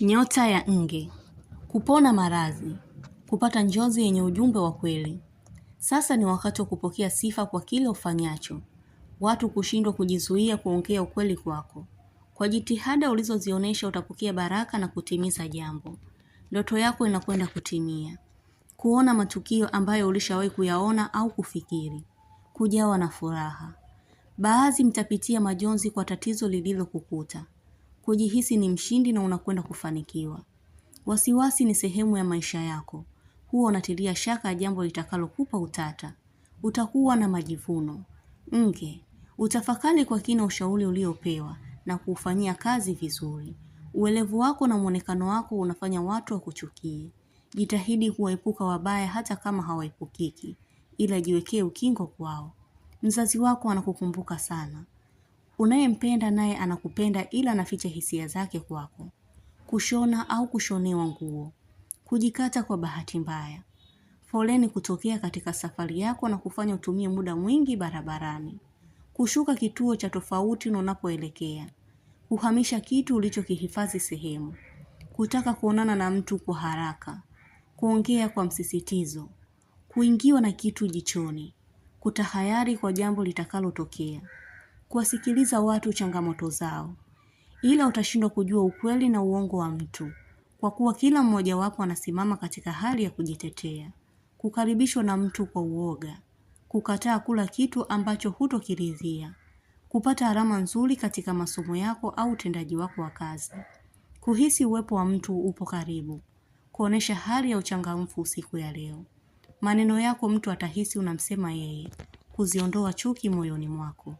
Nyota ya nge: kupona maradhi, kupata njozi yenye ujumbe wa kweli. Sasa ni wakati wa kupokea sifa kwa kile ufanyacho. Watu kushindwa kujizuia kuongea ukweli kwako. Kwa jitihada ulizozionyesha utapokea baraka na kutimiza jambo. Ndoto yako inakwenda kutimia. Kuona matukio ambayo ulishawahi kuyaona au kufikiri. Kujawa na furaha. Baadhi mtapitia majonzi kwa tatizo lililokukuta kujihisi ni mshindi na unakwenda kufanikiwa. Wasiwasi ni sehemu ya maisha yako, huwa unatilia shaka jambo litakalokupa utata. Utakuwa na majivuno nge. Utafakari kwa kina ushauri uliopewa na kuufanyia kazi vizuri. Uelevu wako na mwonekano wako unafanya watu wakuchukie. Jitahidi kuwaepuka wabaya hata kama hawaepukiki, ila jiwekee ukingo kwao. Mzazi wako anakukumbuka sana. Unayempenda naye anakupenda ila anaficha hisia zake kwako. Kushona au kushonewa nguo, kujikata kwa bahati mbaya, foleni kutokea katika safari yako na kufanya utumie muda mwingi barabarani, kushuka kituo cha tofauti na unapoelekea, kuhamisha kitu ulichokihifadhi sehemu, kutaka kuonana na mtu kwa haraka, kuongea kwa msisitizo, kuingiwa na kitu jichoni, kutahayari kwa jambo litakalotokea kuwasikiliza watu changamoto zao, ila utashindwa kujua ukweli na uongo wa mtu, kwa kuwa kila mmoja wapo anasimama katika hali ya kujitetea. Kukaribishwa na mtu kwa uoga, kukataa kula kitu ambacho hutokiridhia, kupata alama nzuri katika masomo yako au utendaji wako wa kazi, kuhisi uwepo wa mtu upo karibu, kuonesha hali ya uchangamfu usiku ya leo. Maneno yako mtu atahisi unamsema yeye, kuziondoa chuki moyoni mwako.